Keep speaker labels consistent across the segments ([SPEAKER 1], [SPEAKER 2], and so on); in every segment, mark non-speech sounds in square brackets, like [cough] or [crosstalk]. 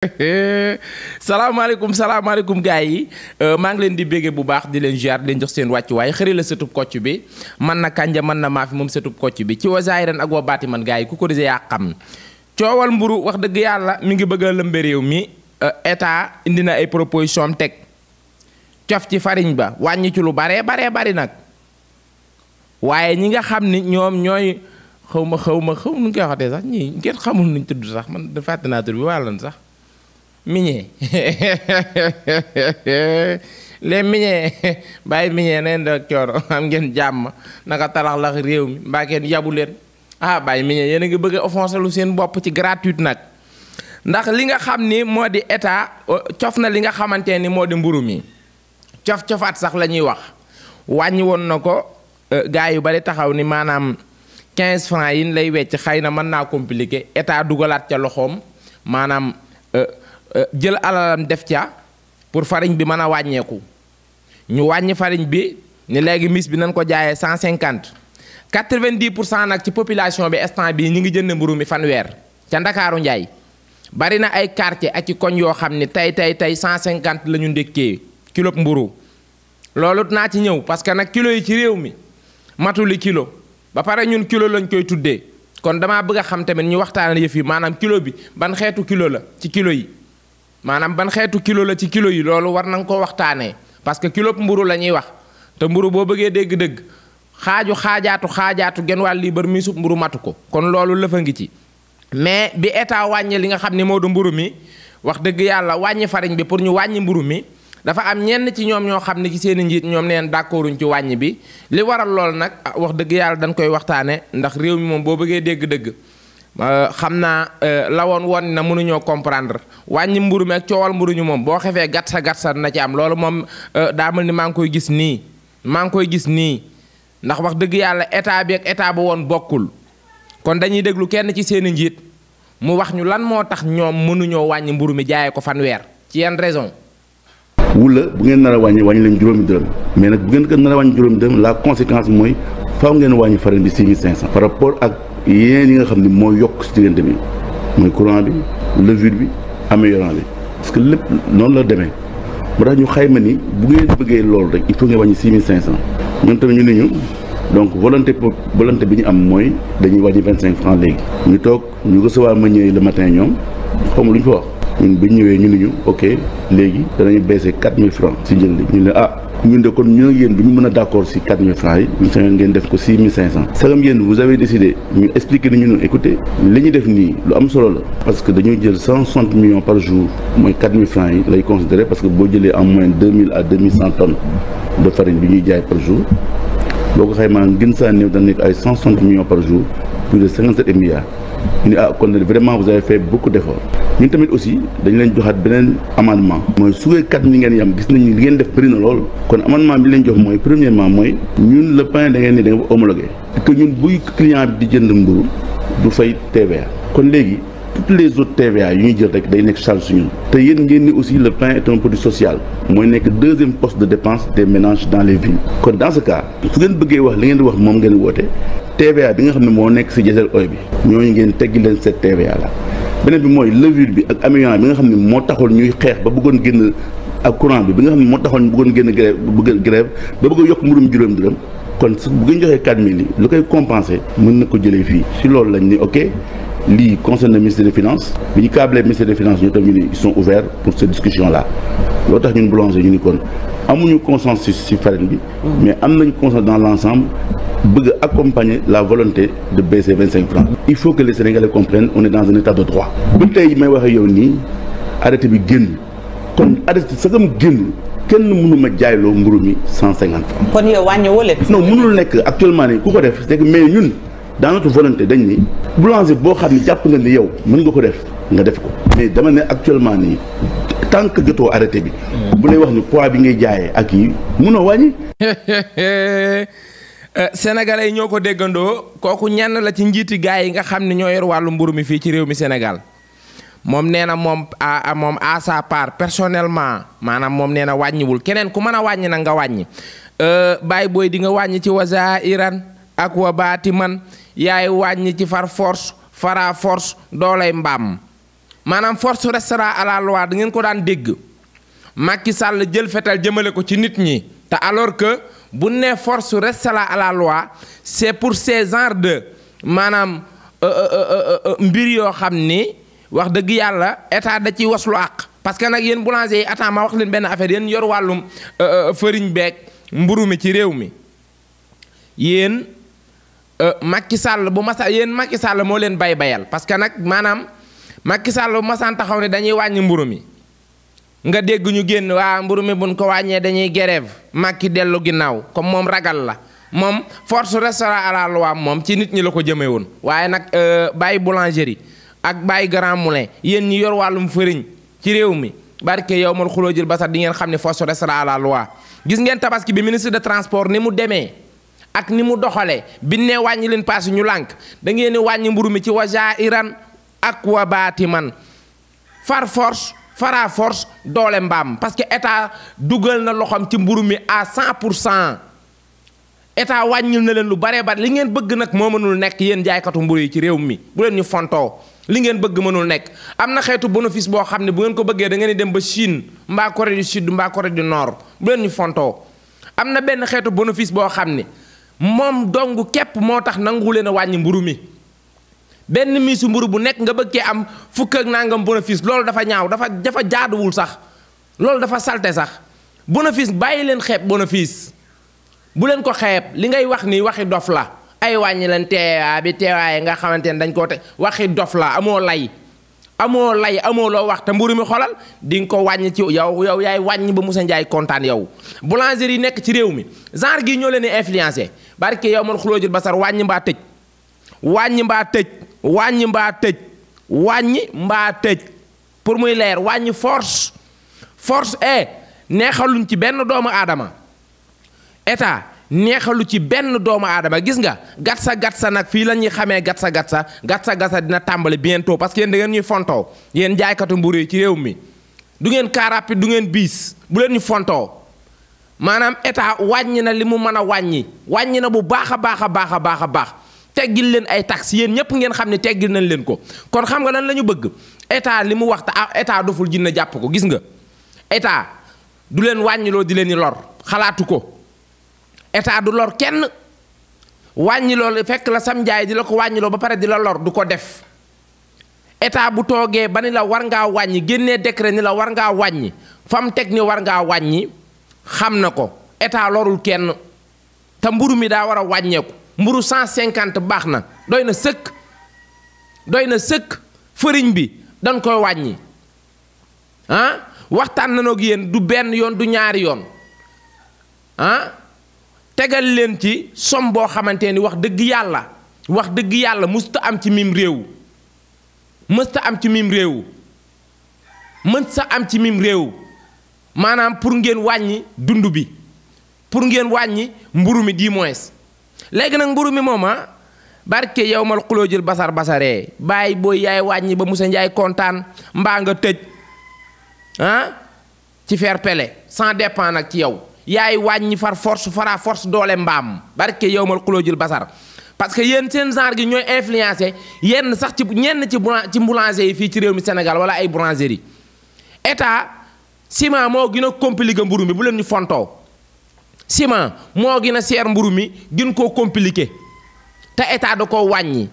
[SPEAKER 1] [laughs] salaamaaleykum salaamaaleykum gars yi euh, maa ngi leen di béggee bu baax di leen jiar di leen jox seen wàccuwaay xëri la sëtub kocc bi man na kanja man na fi moom sëtub kocc bi ci wa zaahiran ak wa man gars yi ku ko dise yaa xam coowal mburu wax dëgg yàlla mi ngi bëgg a lëmbe réew mi euh, état indi na ay proposition am teg ci fariñ ba wàññi ci lu bare bare bari nag waaye ñi nga xam ni ñoom ñooy xawma xawma xaw nu ngi koy sax ñii ngeen xamul nuñ tudd sax man da fàtte tur bi sax miñee les miñee bàyyi miñee neen da coono am ngeen jàmm naka talax-lax réew mi mbaa ngeen yabu leen ah bàyyi miñee yéen a ngi bëgg a lu seen bopp ci gratuite nag ndax li nga xam ni moo di état cof na li nga xamante ni moo di mburu mi cof-cofaat sax la ñuy wax wàññi woon na ko e, gars yu bari taxaw ni maanaam quinze francs yi lay wecc xëy na mën naa compliqué état dugalaat ca loxoom maanaam e, jël alalam def ca pour farine bi mën a wàññeeku ñu wàññi farine bi ni léegi mis bi nañ ko jaayee cent cinquante quatre-vingt-dix pour cent nag ci population bi instant bii ñu ngi jënd mburu mi fanweer ca Ndakaaru Njaay bari na ay quartier ak ci koñ yoo xam ni tey tey tey cent cinquante la ñu ndékkee kilo mburu loolu naa ci ñëw parce que nag kilo yi ci réew mi matuli kilo ba pare ñun kilo lañ koy tuddee kon damaa bëgg a xam tamit ñu waxtaan yëf yi maanaam kilo bi ban xeetu kilo la ci kilo yi manam ban tu kilo la ci kilo yi loolu war nang ko waxtaanee parce que kilo mburu la wax te mburu boo bëggee dégg-dëgg xaaju xaajaatu xaajaatu gen wàll liibar mi sub mburu matu ko kon loolu lëfa ngi ci mais bi état wàññi li nga xam ne moo du mburu mi wax dëgg yàlla wàññi faring bi pour ñu wàññi mburu mi dafa am ñenn ci ñoom ñoo xam ne ci seen njiit ñoom neen d'accorduñ ci wàññi bi li waral lool nag ah, wax dëgg yàlla dañ koy waxtaane ndax réew mi moom boo bëggee dégg-dëgg Euh, xam naa euh, lawoon woon na mënuñoo comprendre wàññi mburu mi ak coowal mburu ñu moom boo xefee gàtt sa gàtt sa na ci am loolu moom euh, daa mel ni maa ngi koy gis nii maa ngi koy gis nii ndax wax dëgg yàlla état bi ak état ba woon bokkul kon dañuy déglu kenn ci seen i njiit mu wax ñu lan moo tax ñoom mënuñoo wàññi mburu mi jaayee ko fanweer ci yenn raison.
[SPEAKER 2] wula bu ngeen nar a wàññi wàññi leen juróomi dërëm mais nag bu ngeen ko nar a wàññi juróomi dërëm la conséquence mooy faaw ngeen wàññi farine bi 6500 par ak. yeneen yi nga xam ni moo yokk si diggante bi muy courant bi levure bi améliorant bi parce que lépp noonu la deme moo tax ñu xayma ni bu bëggee loolu rek il faut nga wàññi cinq cent ñoom tamit ñu ne ñu donc volonté pour volonté bi ñu am mooy dañuy wàññi vingt cinq franc léegi ñu toog ñu recevoir meunier le matin ñoom xaw ma lu ñu fa wax ñun bi ñu ñëwee ñu ne ñu ok léegi danañu baissé quatre mille franc si njël li ñu ne ah nous avons dit que nous sommes d'accord sur 4 francs, nous avons dit que vous avez décidé expliquez nous, écoutez, ce que nous avons fait, parce que nous avons 160 millions par jour, moins 4.000 000 francs, nous considérons parce que si nous avons en moins 2000 à 2.100 tonnes de farine nous avons par jour, nous avons dit que nous avons 160 millions par jour, plus de 57 milliards. Ah, vraiment, vous avez fait beaucoup d'efforts ñun tamit aussi dañ leen joxat beneen amendement mooy su fekkee kat ñi ngeen yam gis nañu li ngeen def bëri na lool kon amendement bi leen jox mooy premièrement mooy ñun le pain da ngeen ne da nga homologué que ñun buy client bi di jënd mburu du fay TVA kon léegi toutes les autres TVA yu ñuy jël rek day nekk charge suñu te yéen ngeen ni aussi le pain est un produit social mooy nekk deuxième poste de dépense des ménages dans les villes kon dans ce cas su ngeen bëggee wax li ngeen di wax moom ngeen woote TVA bi nga xam ne moo nekk si diesel oil bi ñooñu ngeen teggi leen cette TVA la benen bi moy levure bi ak amiant bi nga xamni mo moo ñuy xex ba bëggoon génn ak courant bi bi nga xamni mo moo taxoon bëggoon génn grève bëgg grève ba bëgg yok yokk juroom juróom kon bu ñu joxe 4000 yi lu koy compenser mën na ko jëlee fi si loolu lañ ni ok li concerne ministère des finances bi câblé ministère des finances ñoo tam ñu ne ils sont ouverts pour cette discussion là lo tax ñun boulanger ñu ni kon amuñu consensus si farine bi. mais am nañu consensus dans l'ensemble ensemble bëgg accompagner la volonté de baisser 25 cinq francs. il faut que les Sénégalais comprennent on est dans un état de droit. ba tey may wax yow nii arrêté bi génn kon arrêté sagam génn. kenn mënu ma jaayloo mburu mi cent cinquante francs. kon yow wàññi wala. non mënul nekk actuellement nii ku ko def mais ñun dans notre volonté dañ ni boulanger boo xam ne jàpp nga ni yow mën nga def. nga def ko mais dama ne actuellement ni tank que arrêté bi. bu lay wax ni poids bi ngay jaayee ak yi mëno wañi
[SPEAKER 1] [laughs] eh, Sénégalais ñoko déggando koku ñann la ci njiti gaay nga xamni ne yor walu mburu mi fi ci réew mi Sénégal mom nee na a mom a sa part personnellement manam mom nee wañi wul keneen ku mëna wañi na nga wañi euh bay Boy di nga wañi ci waza Iran ak wa batiman yaay wañi ci far force fara force doolay mbam maanaam force restera à la loi da ngeen ko daan dégg Macky sàll jël fetal jëmale ko ci nit ñi te alors que bu ne force restera à la loi c'est pour ces genres de maanaam euh, euh, euh, mbir yoo xam ni wax dëgg yàlla état da ciy waslu àq parce que nag yéen boulanger yi attends ma wax leen benn affaire yéen yor wàllu fëriñ beek mburu mi ci réew mi yéen Macky sàll bu masa yéen makki Sall moo leen bay bayal parce nag maanaam Macky Sall bu masaan taxaw ne dañuy wàññi mburu mi nga dégg ñu génn waa mburu mi buñ ko wàññee dañuy grève Macky dellu ginnaaw comme moom ragal la moom force restera à la moom ci nit ñi la ko jëmee woon waaye nag euh, bàyyi boulangerie ak bàyyi grand moulin yéen ñi yor wàllum fëriñ ci réew mi barke yow mal xuloo jël basat di ngeen xam ne force restera à la loi gis ngeen tabaski bi ministre de transport ni mu demee ak ni mu doxalee bi ne wàññi leen paas ñu lànk da ngeen wàññi mburu mi ci waja iran ak man far force fara force dole mbam parce que état dugal na loxam ci mburu mi à 100% pour cent état wàññil na len lu nek bari li ngeen bëgg nag moo mënul yeen jaay jaaykatu mburu ci rew mi bu len ñu fonto li ngeen bëgg mënul nek am na bénéfice bo xamni bu ngeen ko bëggee da ngeen di dem ba Chine mba Corée du Sud mba Corée du Nord bu len ñu fonto am na benn bénéfice bo xamni mom dongu dong motax nangulena tax mburu mi benn miisu mburu bu nekk nga bëgg cee am fukk ak nangam bénéfice loolu dafa ñaaw dafa dafa jaaduwul sax loolu dafa salte sax bénéfice bàyyi leen xeeb bénéfice bu leen ko xeeb li ngay wax nii waxi dof la ay wàññi leen teewaa bi teewaaye nga xamante ne dañ koo te waxi dof la amoo lay amoo lay amoo loo wax te mburu mi xolal di nga ko wàññi ci yow yow yaay wàññi ba Moussa Ndiaye kontaan yow boulangerie yi nekk ci réew mi genre gi ñoo leen di influencé barke yow man ba basar wàññi mbaa tëj wàññi tëj wàññi mbaa tëj wàññi mbaa tëj pour muy leer wàññi force force e neexaluñ ci benn doomu aadama état neexalu ci benn doomu aadama gis nga gatsa gatsa nag fii la ñuy xamee gatsa gatsa gatsa gatsa dina tàmbali bientôt parce que yéen da ngeen ñuy fontoo yéen jaaykatu mburu yi ci réew mi du ngeen car rapide du ngeen biis bu leen ñu fontoo maanaam état wàññi na li mu mën a wàññi wàññi na bu baax a baax a baax a baax a baax teggil leen ay taxes yéen ñëpp ngeen xam ne teggil nañ leen ko kon xam nga lan la ñu bëgg état li mu wax te état doful jinne jàpp ko gis nga état du leen wàññiloo di leen di lor xalaatu ko état du lor kenn wàññiloo la fekk la sam njaay di la ko wàññiloo ba pare di la lor du ko def état bu toogee ba ni la war ngaa wàññi génnee décret ni la war ngaa wàññi fam teg ni war ngaa wàññi xam na ko état lorul kenn te mburu mi daa war a wàññeeku. mburu 150 baax na doy na sëkk doy na sëkk fëriñ bi dañ ko wàññi ah waxtaan nañoo ak yéen du benn yoon du ñaari yoon ah tegal leen ci som boo xamante ni wax dëgg yàlla wax dëgg yàlla mësta am ci mim réew mësta am ci mim réew mësta am ci mim réew maanaam pour ngeen wàññi dund bi pour ngeen wàññi mburu mi di moins léegi nag mburu mi moom ah barke yow mal xuloo jël basar basaree bàyyi booy yaay wàññi ba Moussa Ndiaye kontaan mbaa nga tëj ah ci fer pele sans dépend nag ci yow yaay wàññi far force fara force doole mbaam barke yow mal xuloo jël basar parce que yéen seen genre gi ñooy influencé yenn sax ci ñenn ci ci boulanger yi fii ci réew mi senegal wala ay boulangerie état ciment moo gën a compliqué mburu mi bu leen ñu fontoo ciment moo gën a seer mburu mi gën koo compliqué te état da ko wàññi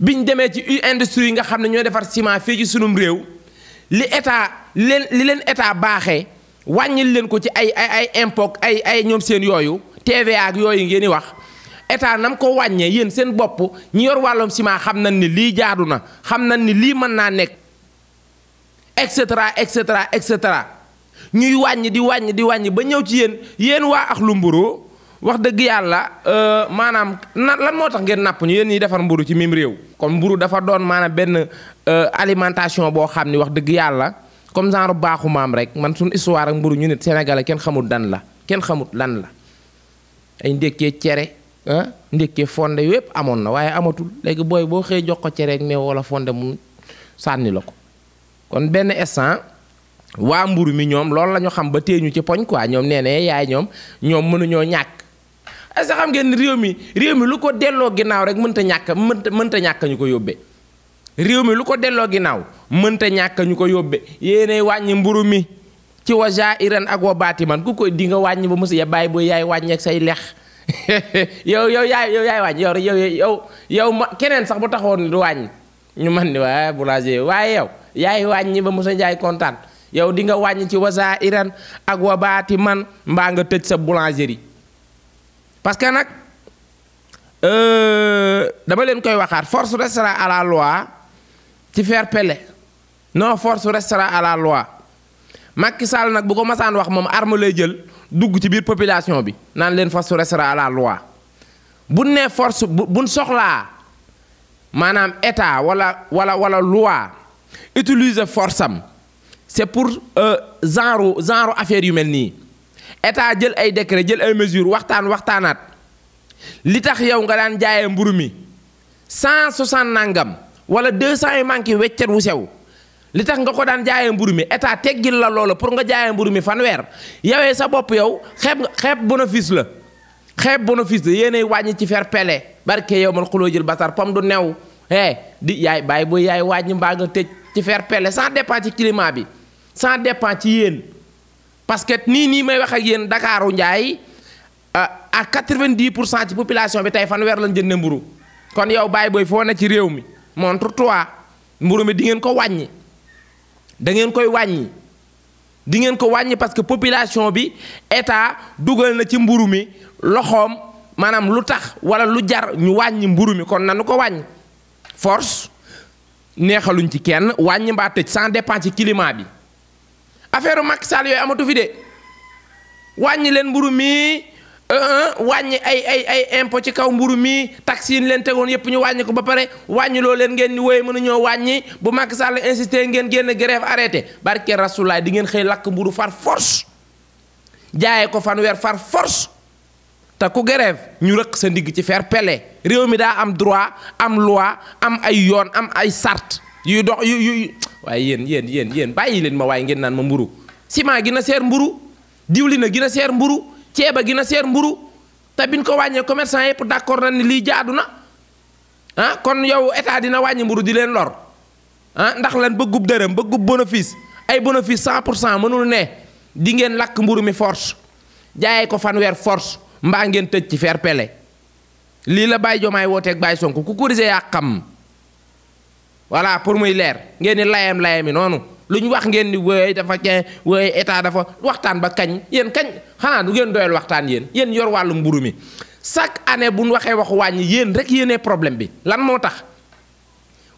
[SPEAKER 1] biñ demee ci industrie yi nga xam ne ñoo defar ciment fii ci sunum réew li état li leen état baaxee wàññil leen ko ci ay ay ay impôt ay ay ñoom seen yooyu TVA ak yooyu ngeen di wax état nam ko wàññee yéen seen bopp ñi yor wàllum ciment xam nañ ni lii jaadu na xam nañ ni lii mën naa nekk et cetera et cetera et cetera. ñuy wañi di wañi di wañi ba ñew ci yeen yeen wa ak lu mburu wax deug yalla euh manam lan motax ngeen nap ñu yeen ñi defar mburu ci mim rew kon mburu dafa doon manam ben euh alimentation bo xamni wax deug yalla comme genre baxu mam rek man sun histoire ak mburu ñu nit sénégalais ken xamut dan la ken xamut lan la ay ndekke ciéré hein ah, ndekke fondé yépp amon na waye amatul légui boy bo xey jox ko ciéré ak né wala fondé mu sanni lako kon ben essence waa mburu mi ñoom loolu la ñu xam ba téye ñu ci poñ quoi ñoom nee na eh, yaay ñoom ñoom mënuñoo ñàkk. est-ce que xam ngeen réew mi réew mi lu ko delloo ginnaaw rek mënta ñàkk mënta mënta ñàkk ñu ko yóbbee réew mi lu ko delloo ginnaaw mënta ñàkk ñu ko yóbbee yéenay wàññi mburu mi ci wa ja iran ak wa baati man ku koy di nga wàññi ba mos ya bàyyi yaay wàññeek say lex [laughs] yow yow yaay yow yaay wàññi yow yow ma keneen sax bu taxawoon ni du ñu man ni waaye boulanger waaye yow yaay wàññi ba mos a jaay kontaan yow di nga wañ ci wasa iran ak wabati man mba nga tëj sa boulangerie parce que euh dama len koy waxat force restera à la loi ci faire pele non force restera à la loi Macky Sall nak bu ko masaan wax mom arme lay jël dugg ci biir population bi nan len force restera à la loi bu ne force bu soxla manam état wala wala wala loi utiliser force am c'est pour genre euh, genre affaire yu mel état jël ay décret jël ay mesures waxtan waxtanat li tax yow nga dan jaayé mburu mi cent soixante nangam wala 200 manki yu wu sew li tax nga ko dan jaayé mburu mi état teggil la lolo pour nga jaayé mburu mi fanweer yowee sa bop yow xép xép bénéfice la xép bénéfice la yéenay ci fer pelé barké yow man xuloo jël basar pam du new hé eh, di yaay bay booy yaay wàññi mbaa nga tëj ci fer pelé sans dépend ci climat bi sans dépend ci yéen parce que nii nii may wax ak yéen Dakaaru Njaay euh, à quatre-vingt-dix pour cent ci population bi tey fan weer lañ jënde mburu kon yow bàyyi booy foo na ci réew mi montre toi mburu mi di ngeen ko wàññi da ngeen koy wàññi di ngeen ko wàññi parce que population bi état dugal na ci mburu mi loxoom maanaam lu tax wala lu jar ñu wàññi mburu mi kon nanu ko wàññi force neexaluñ ci kenn wàññi mbaa tëj sans dépend ci climat bi affaire Macky Sall yooyu amatu fi de wàññi leen mburu mi euh, euh, wàññi ay ay ay impôt ci kaw mburu mii taxi yi leen tegoon yëpp ñu wàññi ko ba pare wàññi loo leen ngeen ni mën a ñëw wàññi bu Macky Sall insisté ngeen génn grève arrêté barke rasulaay di ngeen xëy làkk mburu far force jaayee ko fanweer far force te ku grève ñu rëq sa ndigg ci fer pele réew mi daa am droit am loi am ay yoon am ay sart yu dox yu yu way yéen yéen yéen yéen bàyyi len ma way ngeen nan ma mburu sima gi na ser mburu diwlina gi na ser mburu gi na ser mburu ta biñ ko wañe commerçant yep d'accord na ni lii jaadu ah kon yow état dina wañe mburu di len lor ah ndax lan beugub deureum beugub bénéfice ay bénéfice 100 pour mënul ne di ngeen lak mburu mi force jaay ko wer force mba ngeen tecc ci fer pelé li la Baye wote ak Baye Sonko ku kurise yaa voilà pour muy leer ngeen ni layam layami noonu lu ñu wax ngeen ni wéy dafa cee wéy état dafa waxtaan ba kañ yéen kañ xanaa du ngeen doyal waxtaan yéen yéen yor wàllu mburu mi chaque année bu ñu waxee waxu wàññi yéen rek yéenee problème bi lan moo tax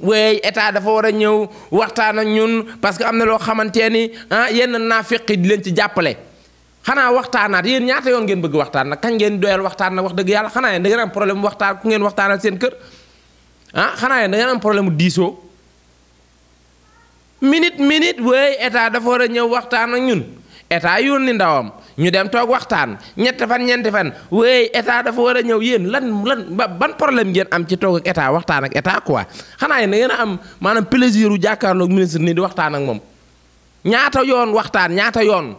[SPEAKER 1] wéy dafa war a ñëw waxtaan ak ñun parce que am na loo xamante ni ah yenn naafeq yi di leen ci jàppale xanaa waxtaanaat yéen ñaata yoon ngeen bëgg waxtaan na kañ ngeen doyal waxtaan nag wax dëgg yàlla xanaa yéen da ngeen am problème waxtaan ku ngeen waxtaanal seen kër. ah xanaa yéen da ngeen am problème diisoo minute minit wéy état dafa war a ñëw waxtaan ak ñun état yónni ndawam ñu dem toog waxtaan ñetti fan ñeenti fan wéy état dafa war a ñëw yéen lan lan ban problème ngeen am ci toog ak état waxtaan ak état quoi xanaa yéen da ngeen am maanaam plaisir u jàkkaarloog ministre nii di waxtaan ak moom ñaata yoon waxtaan ñaata yoon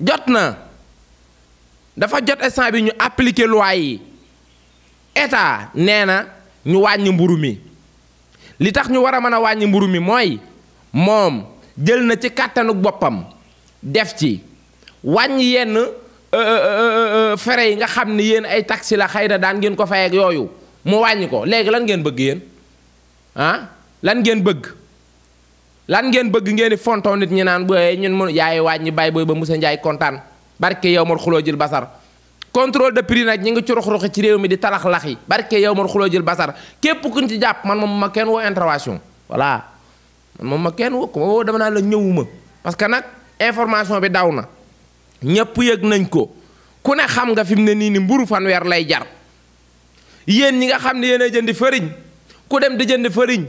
[SPEAKER 1] jot na dafa jot instant bi ñu appliquer loi yi état nee na. ñu wàññi mburu mi li tax ñu war a mën a wàññi mburu mi mooy moom jël na ci kàttanu boppam def ci wàññi yenn euh, euh, euh, fere yi nga xam ni yéen ay taxi la xëy na daan ngeen ko fay ak yooyu mu wàññi ko léegi lan ngeen bëgg yéen ah lan ngeen bëgg lan ngeen bëgg ngeen di fontoo nit ñi naan bu ñun mun yaay wàññi bay booy ba Moussa Ndiaye kontaan barke yow mal xuloo jël basar contrôle de prix nak ñi ngi ci rox-roxi ci réew mi di talax lax yi barké yow man xulo jël basar képp kuñ ci japp man mom ma kenn wo intervention voilà man mom ma kenn wo ko dama naa la ñewuma parce que nak information bi dawna ñepp yegg nañ ko ku ne xam nga fi mu ne nii ni mburu wer lay jar yeen ñi nga xam ni yeena jënd jëndi ku dem di jënd fëriñ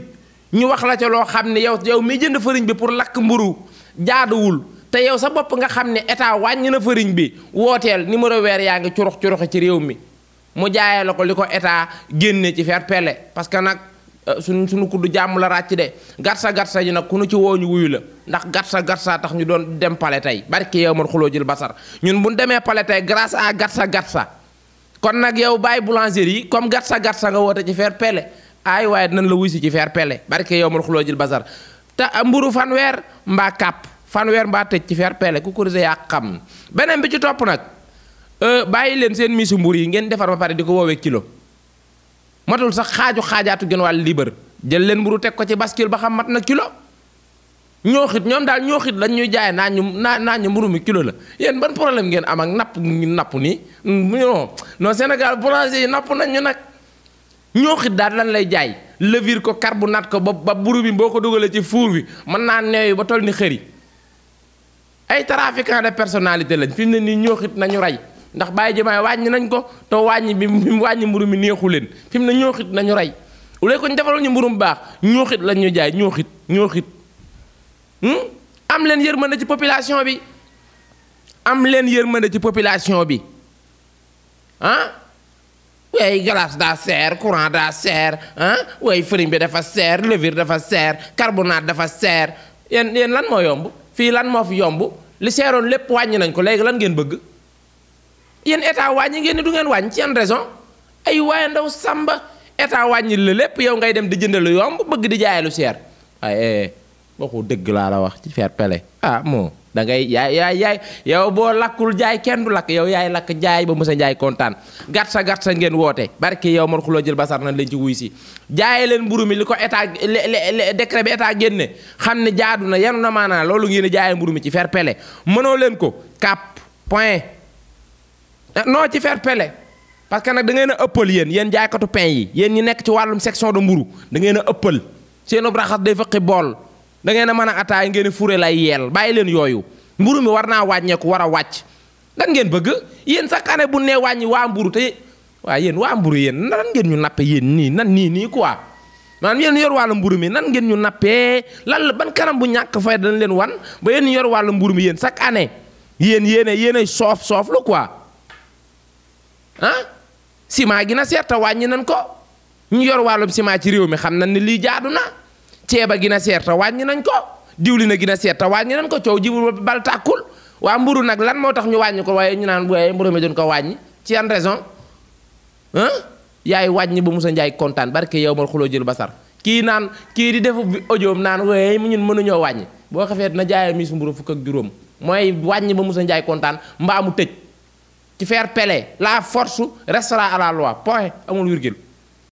[SPEAKER 1] ñu wax la ci lo xam ni yow yow mi jënd fëriñ bi pour lak mburu jaaduwul te yow sa bopp nga xam ne état wàññi na farine bi wooteel numéro weer yaa ngi curux curux ci réew mi mu jaayee la ko li ko état génne ci fer pele parce que nag suñ euh, suñu kudd jàmm la ràcc de gatsa gatsa ji nag ku nu ci woo ñu wuyu la ndax gatsa garsa tax ñu doon dem pale tey barke yow man xuloo jël basar ñun bu ñu demee pale tey grâce à gatsa gatsa kon nag yow bàyyi boulangerie yi comme gatsa garsa nga woote ci fer pele ay waaye dinañ la wuy si ci fer pelle barke yow man xuloo jël basar te mburu fanweer mbaa wer mba tej ci fer pele ku kurise yaa xam benen bi ci nak euh bayi len sen misu mbur yi ngeen defar ba pare di wowe kilo matul sax xaju xajaatu gën wal liber jël len mburu tek ko ci bascule ba xam mat na kilo ño xit ñom dal ño xit lañ ñuy jaay na ñu na ñu mburu mi kilo la yeen ban problème ngeen am ak napp nap ni mm, no no senegal boulanger yi nap nañ ñu nag ñoo xit dal lan lay jaay levir ko carbonate ko ba buru mburu bi boko dugale ci four bi man na neuy ba tol ni xeri ay trafiquant de personnalité lañ fi mu ne nii ñoo xit nañu rey ndax Baye Diomaye wàññi nañ ko te wàññi bi mu wàññi mburu mi neexu leen fi mu ne ñoo xit nañu rey ulee ko ñu defaloon ñu mburu mu baax ñoo xit lañ ñu jaay ñoo xit ñoo xit hmm? am leen yërmande ci population bi am leen yërmande ci population bi ah way glace daa seer courant daa seer ah way farine bi dafa seer levure dafa seer carbonate dafa seer yéen yéen lan moo yomb fii lan moo fi yomb li seeroon lépp wàññi nañ ko léegi lan ngeen bëgg yéen état wàññi ngeen ni du ngeen wàññi ci yan raison ay waaye ndaw sàmba état wàññi la lépp yow ngay dem di jënd lu yomb bëgg di jaay lu seer waaye eh, waxu dëgg laa la wax ci fair play ah moo da ngay yaay yaay yaay yow boo lakkul jaay kenn du lakk yow yaay lakk jaay ba Moussa Ndiaye kontaan gàtt sa gàtt sa ngeen woote barki yow man xuloo jël basar nañ leen ci wuy si jaayee leen mburu mi li ko état décret bi état génne xam ne jaadu na yanu na loolu ngeen di jaayee mburu mi ci fair play mënoo leen ko cap point eh, noo ci fair play parce que nag da ngeen a ëppal yéen yéen jaaykatu pain yi yéen ñi nekk ci wàllum section de mburu da ngeen a ëppal seen raxas day fëqi bool da ngay na mën a ataay ngeen fure lay yel bàyyi leen yoyu mburu mi warna wañe ko wara wacc wàcc ngeen bëgg yeen sa année bu ne wañi wa mburu te wa yeen wa mburu yeen nan ngeen ñu nappe yeen ni nan ni ni quoi man yeen yor wala mburu mi nan ngeen ñu nappee lan la ban karam bu ñak fay dañ leen wan ba yeen yor wala mburu mi yeen sa année yeen yene yene sof sof lu quoi ah si gi na seet wañi nan ko ñu yor wàllum ciment ci rew mi xam nan ne lii na ceeb a gina seerta te wàññi nañ ko diwlin a gina seer te wàññi nañ ko coow jibu bal tàkkul waa mburu nag lan moo tax ñu wàññi ko waaye ñu naan waaye mburu mi doon ko wàññi ci yan raison ah wàññi ba Moussa Ndiaye kontaan barke yow mal xuloo jël basar kii naan kii di defu audio naan waaye ñun mënuñoo wàññi boo xafee na jaayee mis mburu fukk ak juróom mooy wàññi ba Moussa Ndiaye kontaan mbaamu mu tëj ci faire peler la force restera à la loi point amul virgule